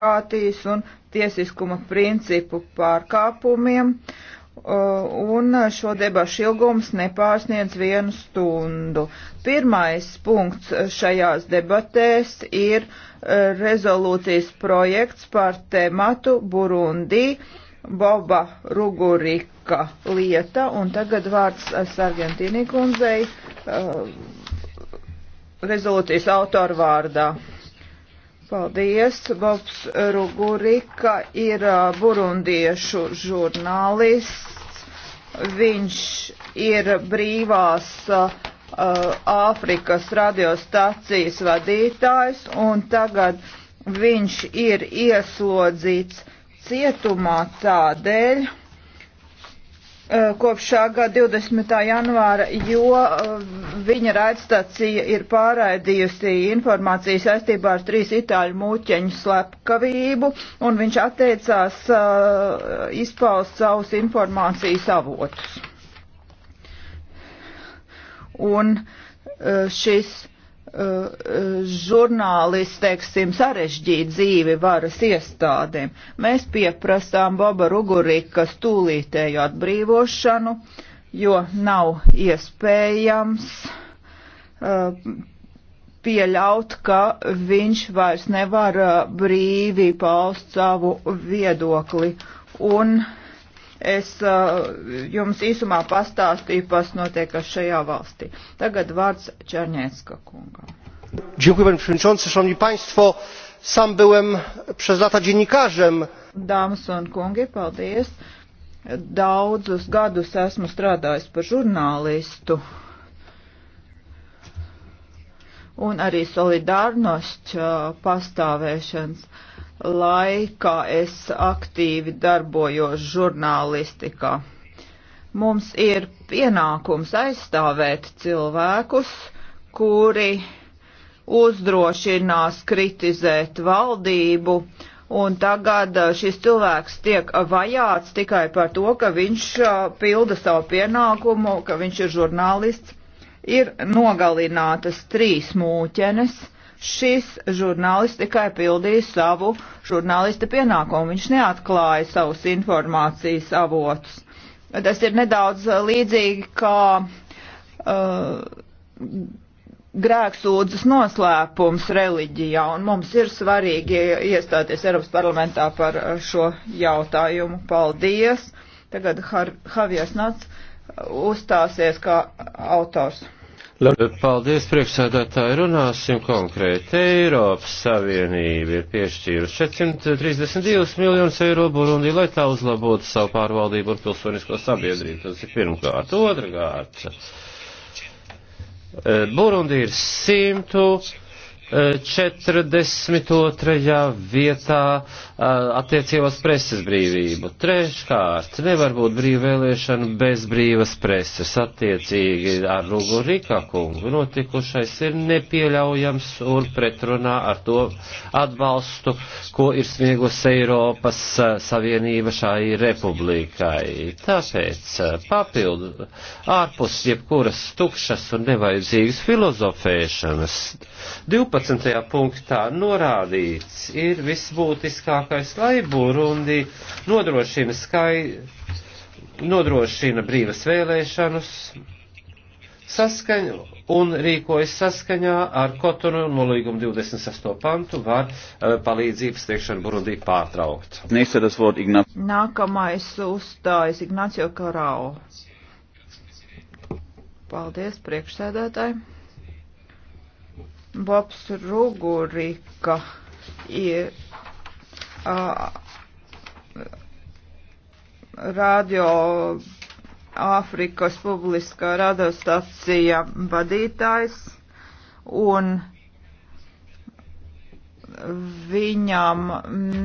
demokrātijas un tiesiskuma principu pārkāpumiem, un šo debašu ilgums nepārsniedz vienu stundu. Pirmais punkts šajās debatēs ir e, rezolūcijas projekts par tematu Burundi Boba Rugurika lieta, un tagad vārds Sargentīnī kundzei e, rezolūcijas autoru vārdā. Paldies! Bobs Rugurika ir burundiešu žurnālists. Viņš ir brīvās Āfrikas uh, radiostacijas vadītājs un tagad viņš ir ieslodzīts cietumā tādēļ, Eh, kopš šā gada 20. janvāra, jo eh, viņa raidstacija ir pārraidījusi informāciju saistībā ar trīs itāļu mūķeņu slepkavību, un viņš atteicās uh, izpaust savus informācijas avotus. Un uh, šis uh, žurnālisti, teiksim, sarežģīt dzīvi varas iestādēm. Mēs pieprasām Boba Rugurikas tūlītēju atbrīvošanu, jo nav iespējams uh, pieļaut, ka viņš vairs nevar uh, brīvi paust savu viedokli. Un uh, Es uh, jums īsumā pastāstīju, kas notiekas šajā valstī. Tagad vārds Černiecka kungam. Dziękuję panie przewodniczący, szanowni państwo. Sam byłem przez lata dziennikarzem. Dāmas un kungi, paldies. Daudzus gadus esmu strādājis par žurnālistu un arī solidārnost uh, pastāvēšanas laikā es aktīvi darbojos žurnālistikā. Mums ir pienākums aizstāvēt cilvēkus, kuri uzdrošinās kritizēt valdību, un tagad uh, šis cilvēks tiek vajāts tikai par to, ka viņš uh, pilda savu pienākumu, ka viņš ir žurnālists. Ir nogalinātas trīs mūķenes šis žurnālists tikai pildīja savu žurnālista pienākumu. Viņš neatklāja savus informācijas avotus. Tas ir nedaudz uh, līdzīgi kā uh, grēksūdzes noslēpums reliģijā, un mums ir svarīgi iestāties Eiropas parlamentā par uh, šo jautājumu. Paldies! Tagad Havijas Nats uh, uzstāsies kā autors. Paldies, priekšsēdētāji. Runāsim konkrēti. Eiropas Savienība ir piešķīrusi 432 miljonus eiro Burundī, lai tā uzlabotu savu pārvaldību un pilsonisko sabiedrību. Tas ir pirmkārt. Otrakārt. Eh, Burundī ir 142. Eh, vietā Uh, attiecībās preses brīvību. Treškārt, nevar būt brīva vēlēšana bez brīvas preses. Attiecīgi ar Rugu Rikakungu notikušais ir nepieļaujams un pretrunā ar to atbalstu, ko ir sniegus Eiropas uh, Savienība šai republikai. Tāpēc uh, papildu ārpus jebkuras tukšas un nevajadzīgas filozofēšanas 12. punktā norādīts ir visbūtiskāk labākais, lai Burundi nodrošina skai, nodrošina brīvas vēlēšanas, saskaņu un rīkojas saskaņā ar Kotonu un nolīgumu 28. pantu var uh, palīdzības sniegšanu Burundī pārtraukt. Nākamais uzstājas Ignacio Karau. Paldies priekšsēdētāji. Bobs Rugurika ir radio Āfrikas publiskā radiostacija vadītājs, un viņam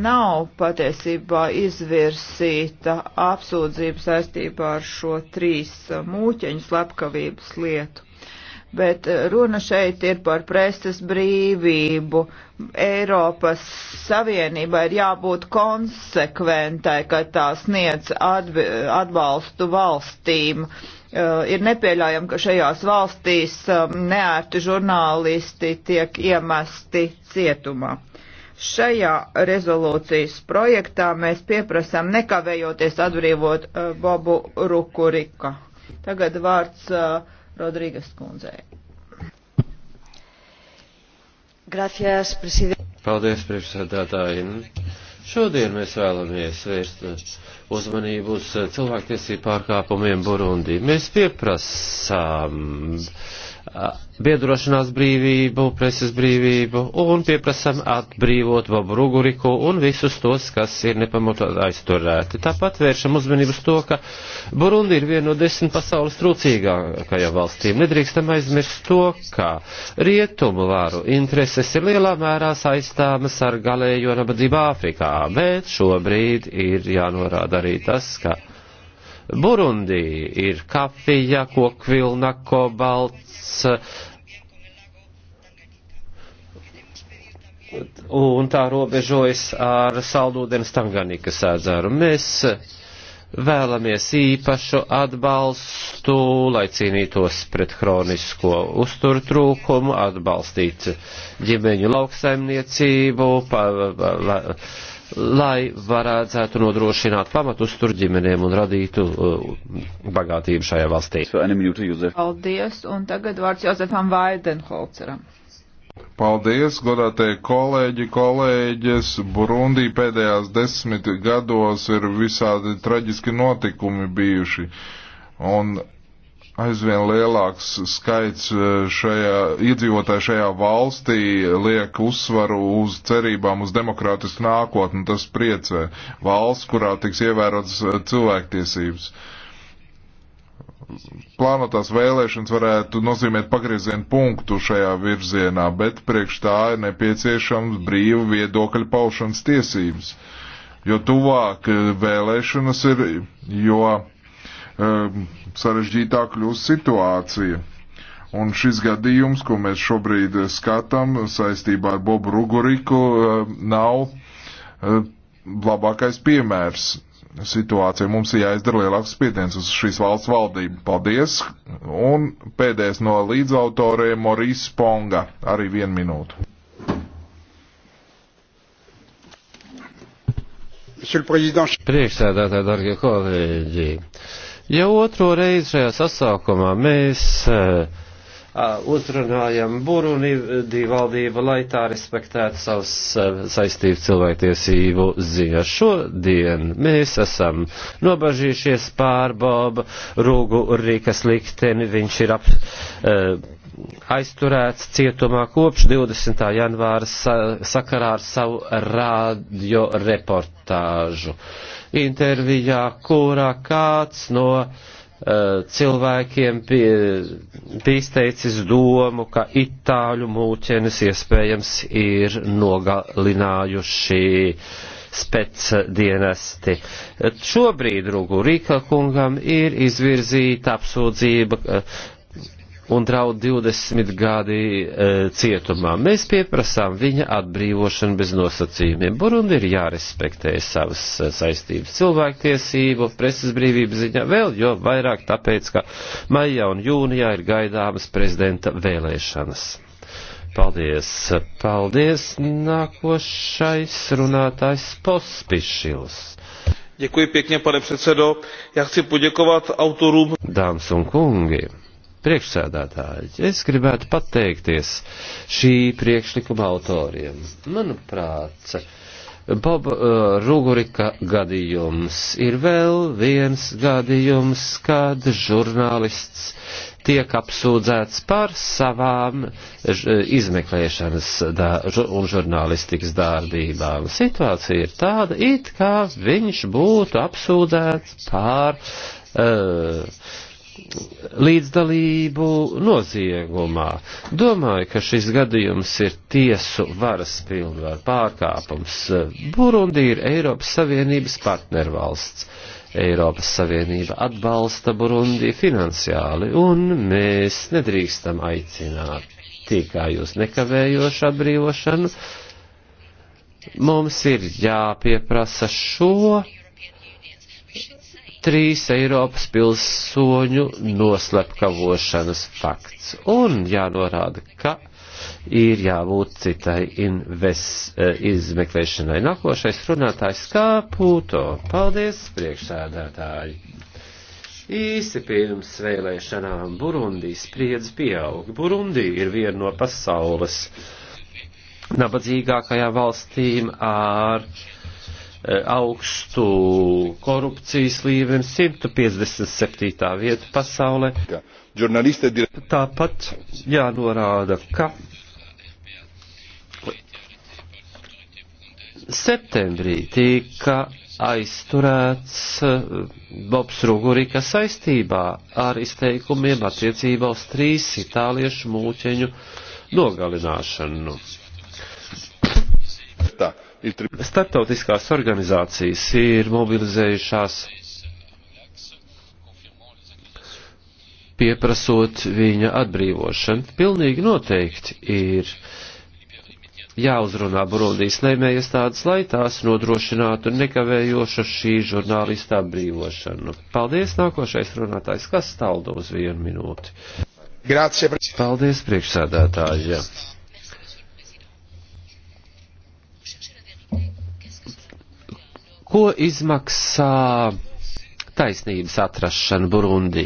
nav patiesībā izvirsīta apsūdzība saistībā ar šo trīs mūķeņu slepkavības lietu bet eh, runa šeit ir par preses brīvību. Eiropas Savienība ir jābūt konsekventai, ka tā sniedz atbalstu valstīm. Eh, ir nepieļaujami, ka šajās valstīs eh, neērti žurnālisti tiek iemesti cietumā. Šajā rezolūcijas projektā mēs pieprasām nekavējoties atbrīvot Bobu Rukurika. Tagad vārds uh, Rodrīgas kundzei. Gracias, Paldies, priekšsēdētāji. Nu, šodien mēs vēlamies vērst uzmanību uz cilvēktiesību pārkāpumiem Burundī. Mēs pieprasām biedrošanās brīvību, preses brīvību un pieprasam atbrīvot Bobu Ruguriku un visus tos, kas ir nepamatot aizturēti. Tāpat vēršam uzmanību uz to, ka Burundi ir viena no desmit pasaules trūcīgākajām valstīm. Nedrīkstam aizmirst to, ka rietumu varu intereses ir lielā mērā saistāmas ar galējo nabadzību Āfrikā, bet šobrīd ir jānorāda arī tas, ka Burundī ir kafija, kokvilna, kobalts, un tā robežojas ar saldūdens Tanganikas ēdzeru. Mēs vēlamies īpašu atbalstu, lai cīnītos pret hronisko uzturtrūkumu, atbalstīt ģimeņu lauksaimniecību, pa, pa, pa, lai varētu nodrošināt pamatusturu ģimenēm un radītu uh, bagātību šajā valstī. Paldies, un tagad vārds Jozefam Vaidenholceram. Paldies, godātie kolēģi, kolēģis. Burundī pēdējās desmit gados ir visādi traģiski notikumi bijuši. Un aizvien lielāks skaits e, šajā, iedzīvotāju šajā valstī liek uzsvaru uz cerībām uz demokrātisku nākotni. Tas priecē valsts, kurā tiks ievērotas e, cilvēktiesības. Plānotās vēlēšanas varētu nozīmēt pagriezienu punktu šajā virzienā, bet priekš tā ir nepieciešams brīvu viedokļu paušanas tiesības. Jo tuvāk e, vēlēšanas ir, jo Ehm, sarežģītāk kļūst situācija. Un šis gadījums, ko mēs šobrīd eh, skatām saistībā ar Bobu Ruguriku, ehm, nav ehm, labākais piemērs situācijai. Mums ir jāizdara lielāks spiediens uz šīs valsts valdību. Paldies! Un pēdējais no līdzautoriem Morīs Ponga. Arī vienu minūtu. Priekšsēdētāji, darbie kolēģi! Jau otro reizi šajā sasaukumā mēs uh, uzrunājam Burunī divvaldību, lai tā respektētu savus uh, eh, saistību cilvēktiesību ziņā. Šodien mēs esam nobažījušies pār Boba Rūgu Rīkas likteni, viņš ir ap. Uh, aizturēts cietumā kopš 20. janvāra sa sakarā ar savu rādio reportāžu. Intervijā, kurā kāds no eh, cilvēkiem bija izteicis domu, ka itāļu mūķenes iespējams ir nogalinājuši specdienesti. Šobrīd Rugu Rīka kungam ir izvirzīta apsūdzība eh, un draud 20 gadi e, cietumā. Mēs pieprasām viņa atbrīvošanu bez nosacījumiem. Burundi ir jārespektē savas e, saistības cilvēktiesību, preses brīvības ziņā vēl, jo vairāk tāpēc, ka maijā un jūnijā ir gaidāmas prezidenta vēlēšanas. Paldies, paldies, nākošais runātājs Pospišils. Děkuji pěkně, pane předsedo. Já chci poděkovat autorům. Dám sun kungi priekšsēdētāji, es gribētu pateikties šī priekšlikuma autoriem. Manuprāt, Bob uh, Rugurika gadījums ir vēl viens gadījums, kad žurnālists tiek apsūdzēts par savām uh, izmeklēšanas un žurnālistikas dārbībām. Situācija ir tāda, it kā viņš būtu apsūdzēts par uh, līdzdalību noziegumā. Domāju, ka šis gadījums ir tiesu varas pilnvaru pārkāpums. Burundi ir Eiropas Savienības partnervalsts. Eiropas Savienība atbalsta Burundi finansiāli, un mēs nedrīkstam aicināt tikai uz nekavējošu atbrīvošanu. Mums ir jāpieprasa šo trīs Eiropas pilsoņu noslepkavošanas fakts. Un jānorāda, ka ir jābūt citai inves, eh, izmeklēšanai. Nākošais runātājs Kāpūto. Paldies, priekšsēdētāji! Īsi pirms vēlēšanām Burundī spriedz pieaug. Burundī ir viena no pasaules nabadzīgākajām valstīm ar uh, augstu korupcijas līmeni, 157. vietu pasaulē. Tāpat jānorāda, ka septembrī tika aizturēts eh, Bobs Rugurika saistībā ar izteikumiem attiecībā uz trīs itāliešu mūķeņu nogalināšanu. Startautiskās organizācijas ir mobilizējušās pieprasot viņa atbrīvošanu. Pilnīgi noteikti ir jāuzrunā Burundijas lēmējas tādas, lai tās nodrošinātu nekavējošu šī žurnālista atbrīvošanu. Paldies, nākošais runātājs, kas staldo uz vienu minūti. Grācie, Paldies, priekšsēdētāji. ko izmaksā taisnības atrašana Burundī.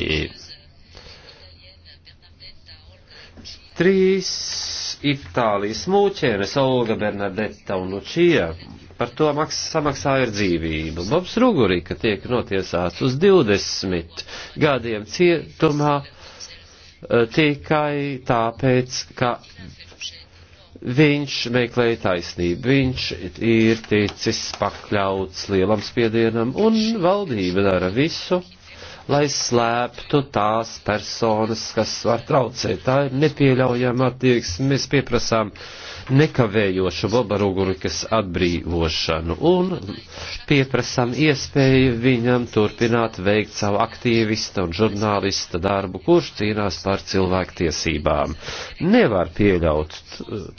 Trīs Itālijas mūķēnes Olga Bernadetta un Lučija par to samaksāja ar dzīvību. Bobs Rugurika tiek notiesāts uz 20 gadiem cietumā eh, tikai tāpēc, ka Viņš meklēja taisnību, viņš ir ticis pakļauts lielam spiedienam, un valdība dara visu, lai slēptu tās personas, kas var traucēt. Tā ir nepieļaujama attieksme. Mēs pieprasām nekavējošu Bobarugurikas atbrīvošanu un pieprasām iespēju viņam turpināt veikt savu aktīvista un žurnālista darbu, kurš cīnās par cilvēktiesībām. Nevar pieļaut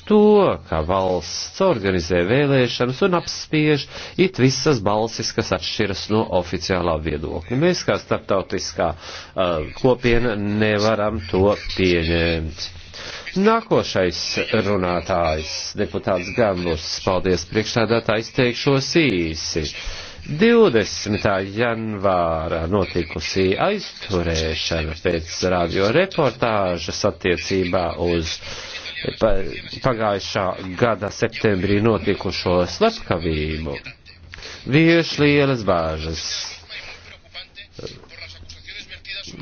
to, ka valsts organizē vēlēšanas un apspiež it visas balsis, kas atšķiras no oficiālā viedokļa. Mēs kā starptautiskā starptautiskā uh, kopiena nevaram to pieņemt. Nākošais runātājs, deputāts Gambus, paldies priekšstādātājs, teikšos īsi. 20. janvārā notikusī aizturēšana pēc radio reportāžas attiecībā uz pagājušā gada septembrī notikušo slepkavību. Vieš lielas bāžas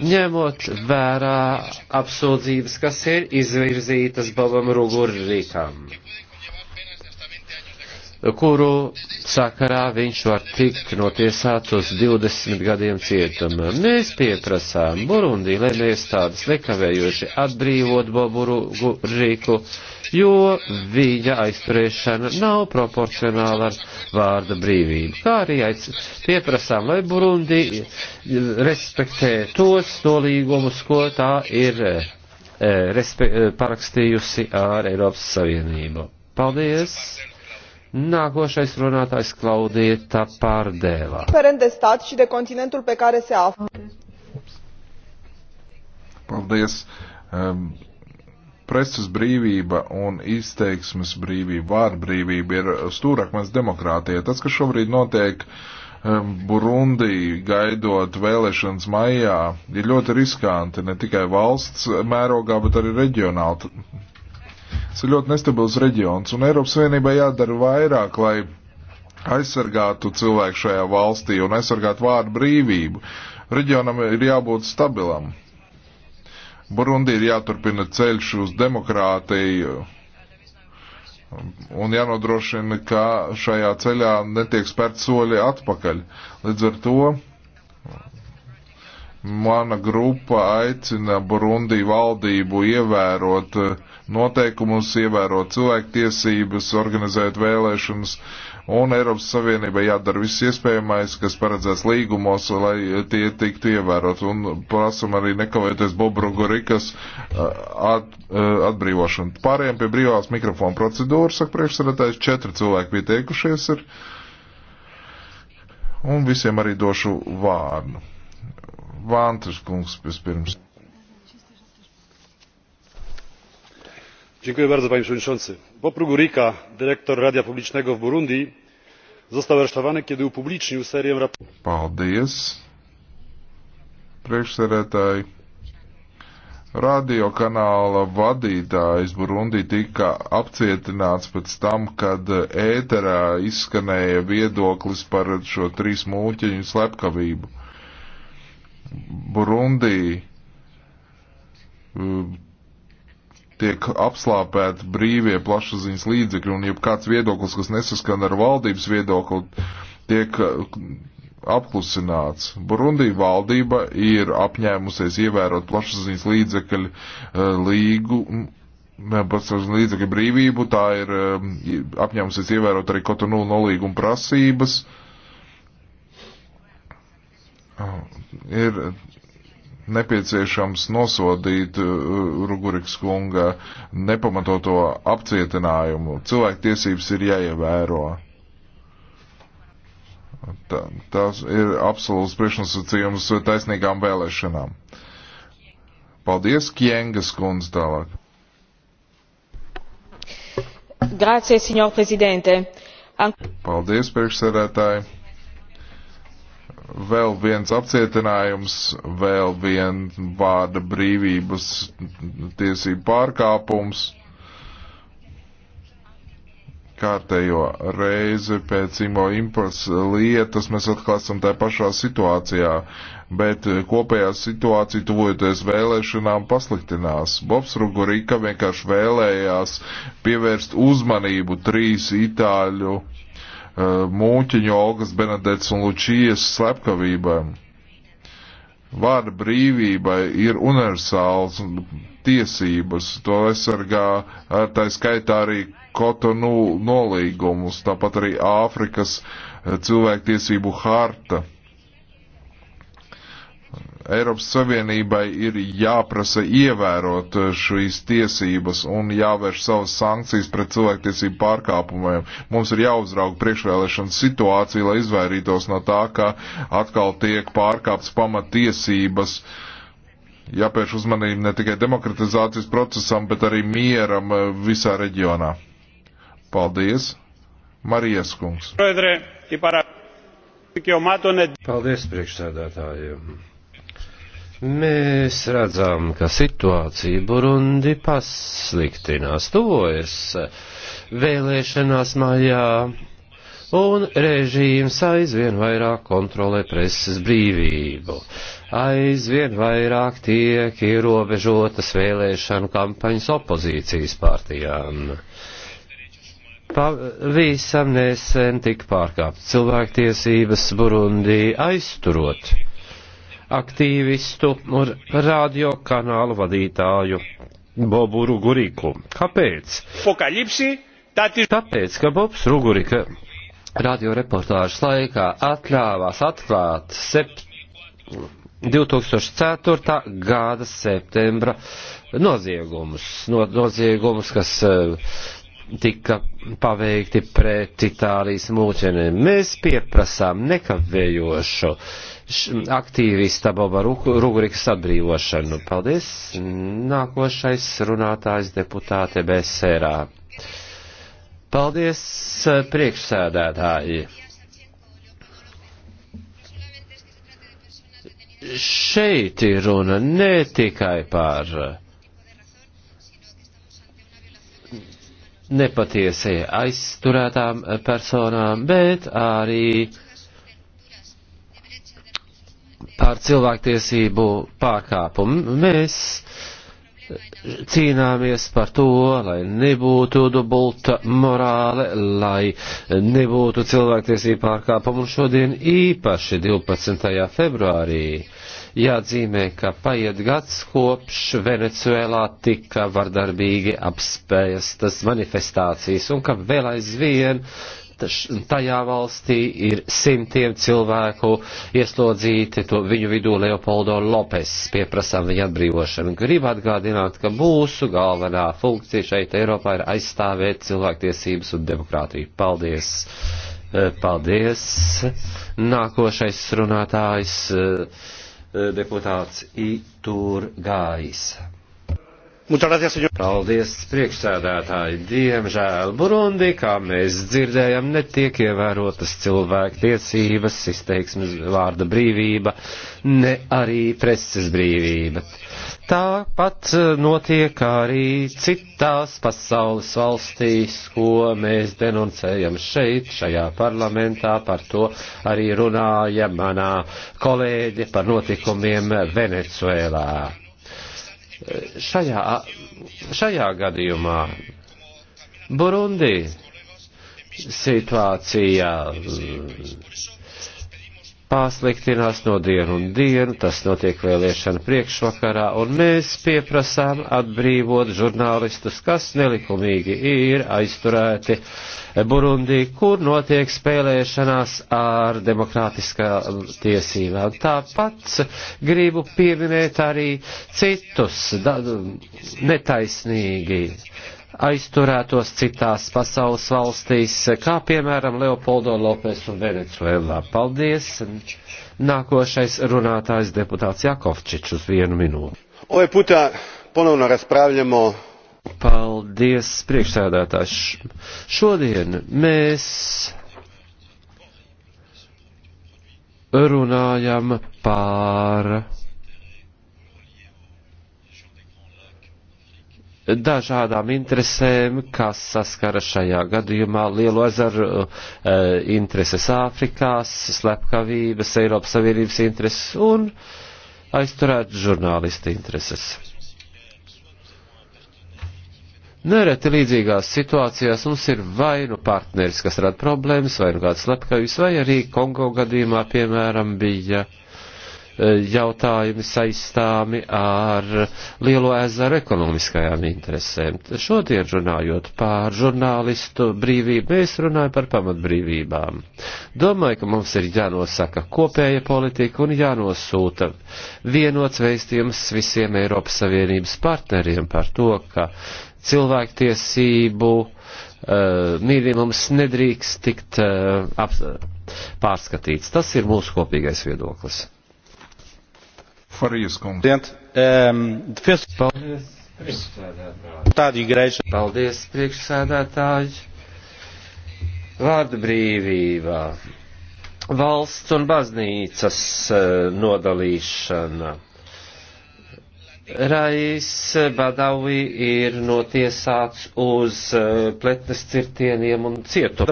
ņemot vērā apsūdzības, kas ir izvirzītas Bobam Rugurrīkam, kuru sakarā viņš var tikt notiesāts uz 20 gadiem cietumā. Mēs pieprasām Burundī, lai mēs tādas nekavējoši atbrīvot Bobu Rugurrīku. Rīku jo viņa aizturēšana nav proporcionāla ar vārda brīvību. Kā arī aic, pieprasām, lai Burundi respektē tos nolīgumus, ko tā ir e, respe, parakstījusi ar Eiropas Savienību. Paldies! Nākošais runātājs Klaudieta Pārdēvā. Paldies! Paldies. Um, Preses brīvība un izteiksmes brīvība, vārdu brīvība ir stūrakmens demokrātijai. Tas, kas šobrīd notiek um, Burundī, gaidot vēlēšanas maijā, ir ļoti riskanti ne tikai valsts mērogā, bet arī reģionāli. Tas ir ļoti nestabils reģions, un Eiropas Savienībai jādara vairāk, lai aizsargātu cilvēku šajā valstī un aizsargātu vārdu brīvību. Reģionam ir jābūt stabilam. Burundi ir jāturpina ceļš uz demokrātiju un jānodrošina, ka šajā ceļā netiek spērt soļi atpakaļ. Līdz ar to Mana grupa aicina Burundi valdību ievērot eh, noteikumus, ievērot cilvēktiesības, organizēt vēlēšanas, un Eiropas Savienībai jādara viss iespējamais, kas paredzēts līgumos, lai tie tiktu ievērot. Un prasam arī nekavēties Bobru Gorikas eh, at, eh, atbrīvošanu. Pārējiem pie brīvās mikrofona procedūras, saka priekšsēdētājs, četri cilvēki pieteikušies ir. Un visiem arī došu vārdu. Vantas kungs vispirms. panie przewodniczący! bob rugurika dyrektor radia publicznego w burundi został aresztowany kiedy upublicznił serię raportów. Radio kanāla vadītājs Burundi tika apcietināts pēc tam, kad ēterā izskanēja viedoklis par šo trīs mūķiņu slepkavību. Burundī uh, tiek apslāpēti brīvie plašsaziņas līdzekļi, un jebkāds viedoklis, kas nesaskan ar valdības viedokli, tiek uh, apklusināts. Burundī valdība ir apņēmusies ievērot plašsaziņas līdzekļu uh, līgu, plašsaziņas līdzekļu brīvību, tā ir um, apņēmusies ievērot arī Kotonu nolīguma prasības. Uh, ir nepieciešams nosodīt Ruguriks kunga nepamatoto apcietinājumu. Cilvēktiesības ir jāievēro. Tā, tas ir absolūts priekšnosacījums taisnīgām vēlēšanām. Paldies, Kjengas kundze tālāk. Grācie, signor prezidente. Paldies, priekšsēdētāji vēl viens apcietinājums, vēl viens vārda brīvības tiesību pārkāpums. Kārtējo reizi pēc Imo Impas lietas mēs atkal esam tajā pašā situācijā, bet kopējā situācija tuvojoties vēlēšanām pasliktinās. Bobs Rugurika vienkārši vēlējās pievērst uzmanību trīs itāļu Eh, mūķiņu Olgas Benedets un Lučijas slepkavībām. Vārda brīvība ir universāls tiesības, to aizsargā ar eh, tā skaitā arī Kotonu nolīgumus, tāpat arī Āfrikas eh, cilvēktiesību harta. Eiropas Savienībai ir jāprasa ievērot šīs tiesības un jāvērš savas sankcijas pret cilvēktiesību pārkāpumiem. Mums ir jāuzrauga priekšvēlēšana situācija, lai izvairītos no tā, ka atkal tiek pārkāptas pamatiesības. Jāpērš uzmanība ne tikai demokratizācijas procesam, bet arī mieram eh, visā reģionā. Paldies! Marijas kungs. Paldies priekšsēdētājiem Mēs redzam, ka situācija Burundi pasliktinās, tuvojas vēlēšanās mājā, un režīms aizvien vairāk kontrolē preses brīvību. Aizvien vairāk tiek ierobežotas vēlēšanu kampaņas opozīcijas partijām. Pavisam nesen tika pārkāptas cilvēktiesības Burundi aizturot aktīvistu un radio kanālu vadītāju Bobu Ruguriku. Kāpēc? Tāpēc, ka Bobs Rugurika radio reportāžas laikā atļāvās atklāt sept... 2004. gada septembra noziegumus, no, noziegumus, kas eh, tika paveikti pret Itālijas mūķeniem. Mēs pieprasām nekavējošu uh, aktīvista Boba Rugurikas atbrīvošanu. Paldies! Nākošais runātājs deputāte Bēsērā. Paldies, priekšsēdētāji! Šeit ir runa ne tikai par nepatiesi aizturētām personām, bet arī uh, ar cilvēktiesību pārkāpumu. Mēs cīnāmies par to, lai nebūtu dubulta morāle, lai nebūtu cilvēktiesību pārkāpumu. Un šodien īpaši 12. februārī jāatzīmē, ka paiet gads kopš Venecuēlā tika vardarbīgi apspēstas manifestācijas un ka vēl aizvien tajā valstī ir simtiem cilvēku ieslodzīti, to viņu vidū Leopoldo Lopes pieprasām viņa atbrīvošanu. Gribu atgādināt, ka mūsu galvenā funkcija šeit Eiropā ir aizstāvēt cilvēktiesības un demokrātiju. Paldies! Eh, paldies! Nākošais runātājs eh, eh, deputāts Itur Gājs. Paldies, priekšsēdētāji. Diemžēl Burundi, kā mēs dzirdējam, netiek ievērotas cilvēku tiesības, izteiksmes vārda brīvība, ne arī preses brīvība. Tāpat notiek arī citās pasaules valstīs, ko mēs denuncējam šeit, šajā parlamentā, par to arī runāja manā kolēģe par notikumiem Venecuēlā šajā, šajā gadījumā Burundi situācija pasliktinās no dienu un dienu, tas notiek vēlēšana priekšvakarā, un mēs pieprasām atbrīvot žurnālistus, kas nelikumīgi ir aizturēti Burundī, kur notiek spēlēšanās ar demokrātiskā tiesībām. Tāpat gribu pieminēt arī citus da, netaisnīgi aizturētos citās pasaules valstīs, kā piemēram Leopoldo Lopes un Venecuēlā. Paldies! Nākošais runātājs deputāts Jakovčič uz vienu minūti. Ovaj puta ponovno raspravljamo. Paldies, priekšsēdētājs. Šodien mēs runājam par dažādām interesēm, kas saskara šajā gadījumā lielu ezaru uh, intereses Āfrikās, slepkavības, Eiropas Savienības intereses un aizturēt žurnālisti intereses. Nereti līdzīgās situācijās mums ir vai nu partneris, kas rada problēmas, vai nu kāds slepkavības, vai arī Kongo gadījumā, piemēram, bija uh, Eh, jautājumi saistāmi ar Lielo ezeru ekonomiskajām interesēm. Šodien runājot pār žurnālistu brīvību, mēs runājam par pamatbrīvībām. Domāju, ka mums ir jānosaka kopēja politika un jānosūta vienots veistījums visiem Eiropas Savienības partneriem par to, ka cilvēktiesību uh, minimums nedrīkst tikt uh, ap, pārskatīts. Tas ir mūsu kopīgais viedoklis. Farijas kungs. Paldies. Tāda igreža. Paldies, priekšsēdētāji. Vārda brīvībā. Valsts un baznīcas eh, nodalīšana. Rais Badawi ir notiesāts uz eh, pletnes cirtieniem un cietumu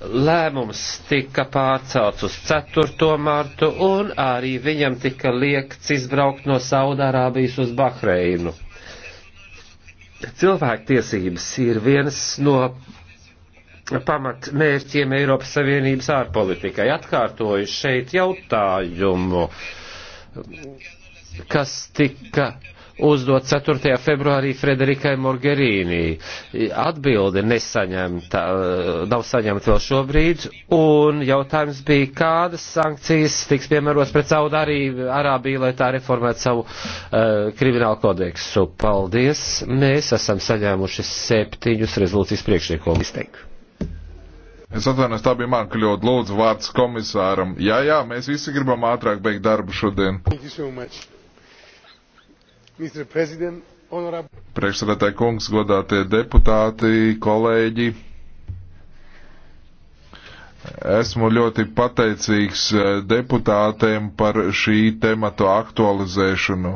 lēmums tika pārcelts uz 4. martu, un arī viņam tika liekts izbraukt no Saudārābijas uz Bahreinu. Cilvēktiesības ir viens no pamatmērķiem Eiropas Savienības ārpolitikai. Atkārtoju šeit jautājumu, kas tika uzdot 4. februārī Frederikai Morgerīnī. Atbildi nesaņemta, eh, nav saņemta vēl šobrīd, un jautājums bija, kādas sankcijas tiks piemērotas pret Saudu Arābiju, lai tā reformētu savu uh, kriminālu kodeksu. Paldies! Mēs esam saņēmuši septiņus rezolūcijas priekšlikumus. Es atvainojos, tā bija man kļūda. Lūdzu, vārds komisāram. Jā, jā, mēs visi gribam ātrāk beigt darbu šodien. Thank you so much. Priekšsēdētāji kungs, godātie deputāti, kolēģi. Esmu ļoti pateicīgs eh, deputātiem par šī tematu aktualizēšanu.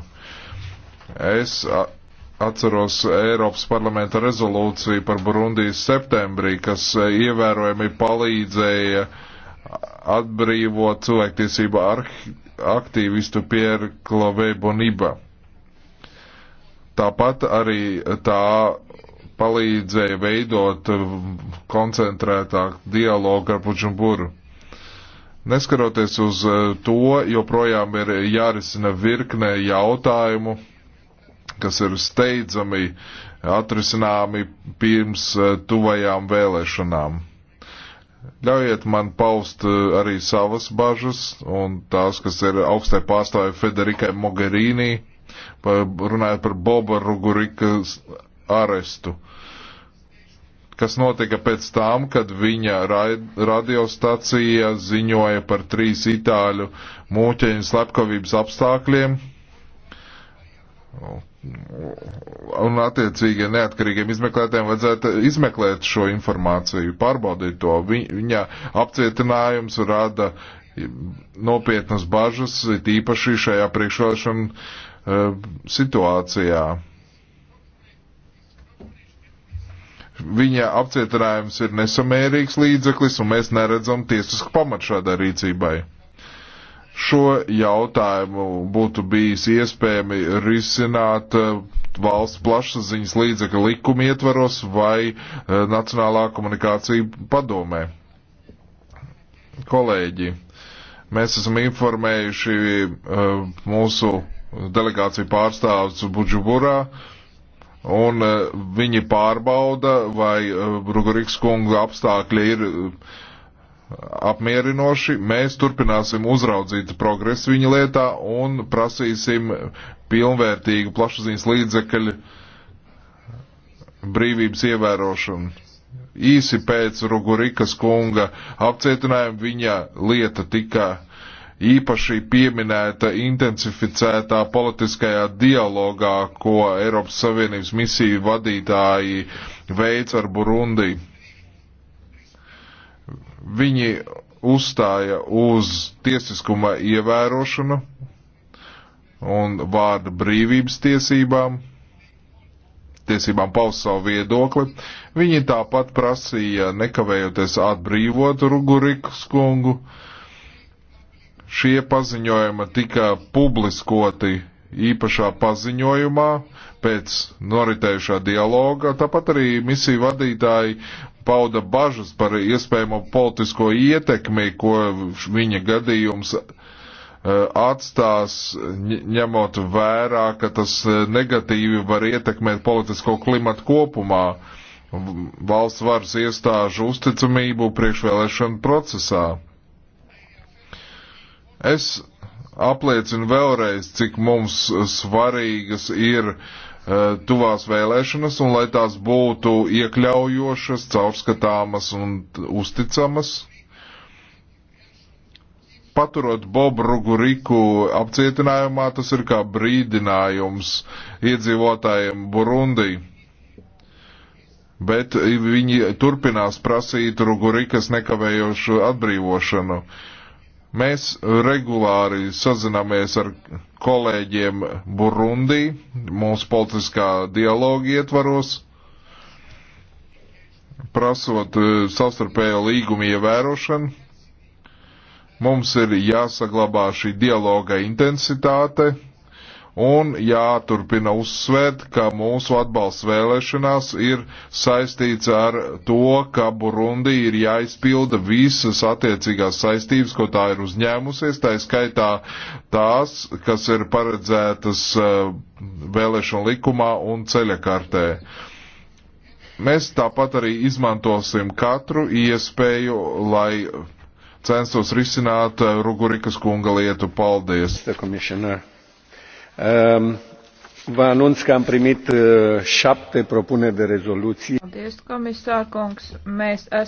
Es atceros Eiropas parlamenta rezolūciju par Burundijas septembrī, kas eh, ievērojami palīdzēja atbrīvot cilvēktiesību aktīvistu Pierre Clove Boniba. Tāpat arī tā palīdzēja veidot koncentrētāk dialogu ar Puģumburu. Neskaroties uz eh, to, joprojām ir jārisina virknē jautājumu, kas ir steidzami atrisināmi pirms eh, tuvajām vēlēšanām. Ļaujiet man paust eh, arī savas bažas un tās, kas ir augstai pārstāvja Federikai Mogherīnī runājot par Boba Rugurika arestu. Kas notika pēc tam, kad viņa radiostacija ziņoja par trīs itāļu mūķeņu slepkavības apstākļiem? Un attiecīgi neatkarīgiem izmeklētājiem vajadzētu izmeklēt šo informāciju, pārbaudīt to. Viņa apcietinājums rada nopietnas bažas, tīpaši šajā priekšvēlēšana Eh, situācijā. Viņa apcietinājums ir nesamērīgs līdzeklis, un mēs neredzam tiesisku pamatu šādai rīcībai. Šo jautājumu būtu bijis iespējami risināt eh, valsts plašsaziņas līdzekļu likuma ietvaros vai eh, Nacionālā komunikācija padomē. Kolēģi, mēs esam informējuši mūsu delegācija pārstāvs Budžuburā, un eh, viņi pārbauda, vai eh, Rugurīks kunga apstākļi ir eh, apmierinoši. Mēs turpināsim uzraudzīt progresu viņa lietā un prasīsim pilnvērtīgu plašsaziņas līdzekļu brīvības ievērošanu. Īsi pēc Rugurikas kunga apcietinājuma viņa lieta tika īpaši pieminēta intensificētā politiskajā dialogā, ko Eiropas Savienības misiju vadītāji veic ar Burundi. Viņi uzstāja uz tiesiskuma ievērošanu un vārda brīvības tiesībām, tiesībām paust savu viedokli. Viņi tāpat prasīja nekavējoties atbrīvot Rugurikas kungu, uh, Šie paziņojumi tika publiskoti īpašā paziņojumā pēc noritējušā dialoga. Tāpat arī misiju vadītāji pauda bažas par iespējamo politisko ietekmi, ko viņa gadījums eh, atstās, ņemot vērā, ka tas eh, negatīvi var ietekmēt politisko klimatu kopumā, valsts varas iestāžu uzticamību priekšvēlēšanu procesā. Es apliecinu vēlreiz, cik mums svarīgas ir eh, tuvās vēlēšanas un lai tās būtu iekļaujošas, caurskatāmas un uzticamas. Paturot Bobu Ruguriku apcietinājumā, tas ir kā brīdinājums iedzīvotājiem Burundī. Bet viņi turpinās prasīt Rugurikas nekavējošu atbrīvošanu. Uh, Mēs regulāri sazināmies ar kolēģiem Burundī, mūsu politiskā dialoga ietvaros, prasot eh, savstarpējo līgumu ievērošanu. Mums ir jāsaglabā šī dialoga intensitāte Un jāturpina uzsvērt, ka mūsu atbalsts vēlēšanās ir saistīts ar to, ka Burundi ir jāizpilda visas attiecīgās saistības, ko tā ir uzņēmusies, tā ir skaitā tās, kas ir paredzētas eh, vēlēšanu likumā un ceļakartē. Mēs tāpat arī izmantosim katru iespēju, lai censtos risināt eh, Rugurikas kunga lietu. Paldies! Um, vă anunț că am primit uh, șapte propuneri de rezoluție. Paldies, komisār kungs. Mēs